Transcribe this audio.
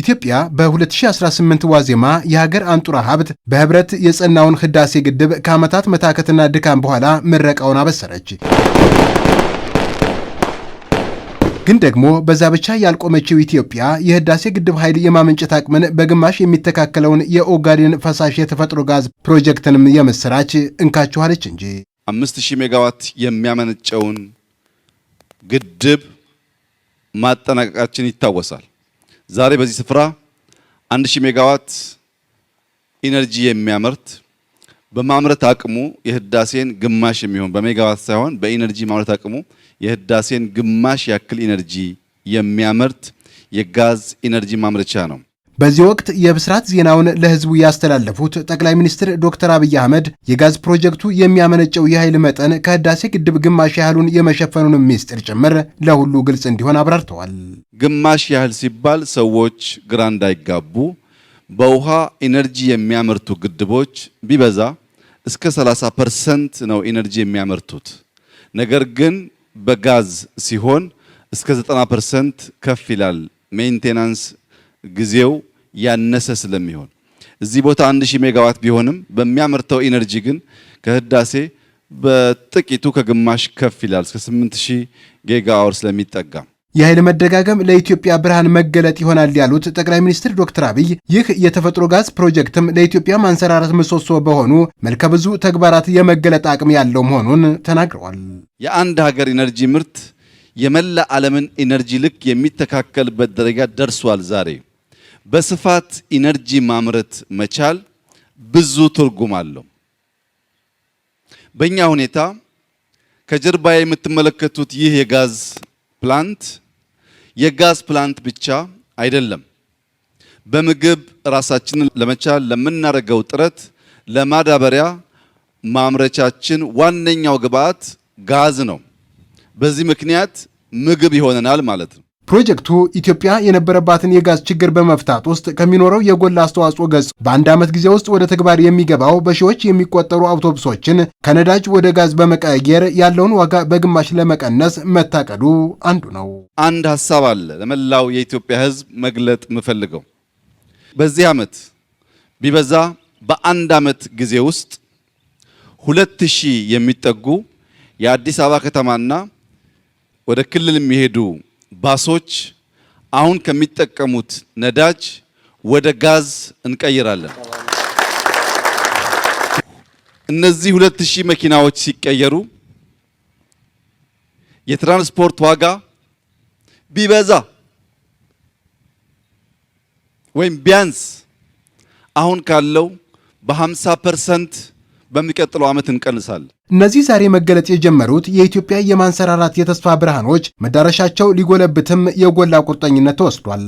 ኢትዮጵያ በ2018 ዋዜማ የሀገር አንጡራ ሀብት በህብረት የጸናውን ህዳሴ ግድብ ከዓመታት መታከትና ድካም በኋላ ምረቃውን አበሰረች። ግን ደግሞ በዛ ብቻ ያልቆመችው ኢትዮጵያ የህዳሴ ግድብ ኃይል የማመንጨት አቅምን በግማሽ የሚተካከለውን የኦጋዴን ፈሳሽ የተፈጥሮ ጋዝ ፕሮጀክትንም የምስራች እንካችኋለች እንጂ አምስት ሜጋዋት የሚያመነጨውን ግድብ ማጠናቀቃችን ይታወሳል። ዛሬ በዚህ ስፍራ 1000 ሜጋዋት ኢነርጂ የሚያመርት በማምረት አቅሙ የህዳሴን ግማሽ የሚሆን በሜጋዋት ሳይሆን በኢነርጂ ማምረት አቅሙ የህዳሴን ግማሽ ያክል ኢነርጂ የሚያመርት የጋዝ ኢነርጂ ማምረቻ ነው። በዚህ ወቅት የብስራት ዜናውን ለህዝቡ ያስተላለፉት ጠቅላይ ሚኒስትር ዶክተር አብይ አህመድ የጋዝ ፕሮጀክቱ የሚያመነጨው የኃይል መጠን ከህዳሴ ግድብ ግማሽ ያህሉን የመሸፈኑን ሚስጥር ጭምር ለሁሉ ግልጽ እንዲሆን አብራርተዋል። ግማሽ ያህል ሲባል ሰዎች ግራ እንዳይጋቡ በውሃ ኢነርጂ የሚያመርቱ ግድቦች ቢበዛ እስከ 30 ፐርሰንት ነው ኢነርጂ የሚያመርቱት። ነገር ግን በጋዝ ሲሆን እስከ 90 ፐርሰንት ከፍ ይላል። ሜንቴናንስ ጊዜው ያነሰ ስለሚሆን እዚህ ቦታ 1000 ሜጋዋት ቢሆንም በሚያመርተው ኢነርጂ ግን ከህዳሴ በጥቂቱ ከግማሽ ከፍ ይላል እስከ 8000 ጊጋ አወር ስለሚጠጋ የኃይል መደጋገም ለኢትዮጵያ ብርሃን መገለጥ ይሆናል ያሉት ጠቅላይ ሚኒስትር ዶክተር አብይ ይህ የተፈጥሮ ጋዝ ፕሮጀክትም ለኢትዮጵያ ማንሰራራት ምሰሶ በሆኑ መልከ ብዙ ተግባራት የመገለጥ አቅም ያለው መሆኑን ተናግረዋል። የአንድ ሀገር ኢነርጂ ምርት የመላ ዓለምን ኢነርጂ ልክ የሚተካከልበት ደረጃ ደርሷል ዛሬ በስፋት ኢነርጂ ማምረት መቻል ብዙ ትርጉም አለው። በእኛ ሁኔታ ከጀርባ የምትመለከቱት ይህ የጋዝ ፕላንት የጋዝ ፕላንት ብቻ አይደለም። በምግብ ራሳችንን ለመቻል ለምናደርገው ጥረት ለማዳበሪያ ማምረቻችን ዋነኛው ግብአት ጋዝ ነው። በዚህ ምክንያት ምግብ ይሆነናል ማለት ነው። ፕሮጀክቱ ኢትዮጵያ የነበረባትን የጋዝ ችግር በመፍታት ውስጥ ከሚኖረው የጎላ አስተዋጽኦ ገጽ በአንድ ዓመት ጊዜ ውስጥ ወደ ተግባር የሚገባው በሺዎች የሚቆጠሩ አውቶቡሶችን ከነዳጅ ወደ ጋዝ በመቀየር ያለውን ዋጋ በግማሽ ለመቀነስ መታቀዱ አንዱ ነው። አንድ ሀሳብ አለ ለመላው የኢትዮጵያ ሕዝብ መግለጥ የምፈልገው በዚህ ዓመት ቢበዛ በአንድ ዓመት ጊዜ ውስጥ ሁለት ሺህ የሚጠጉ የአዲስ አበባ ከተማና ወደ ክልል የሚሄዱ ባሶች አሁን ከሚጠቀሙት ነዳጅ ወደ ጋዝ እንቀይራለን። እነዚህ ሁለት መኪናዎች ሲቀየሩ የትራንስፖርት ዋጋ ቢበዛ ወይም ቢያንስ አሁን ካለው በ50 ፐርሰንት በሚቀጥለው ዓመት እንቀንሳል እነዚህ ዛሬ መገለጽ የጀመሩት የኢትዮጵያ የማንሰራራት የተስፋ ብርሃኖች መዳረሻቸው ሊጎለብትም የጎላ ቁርጠኝነት ተወስዷል።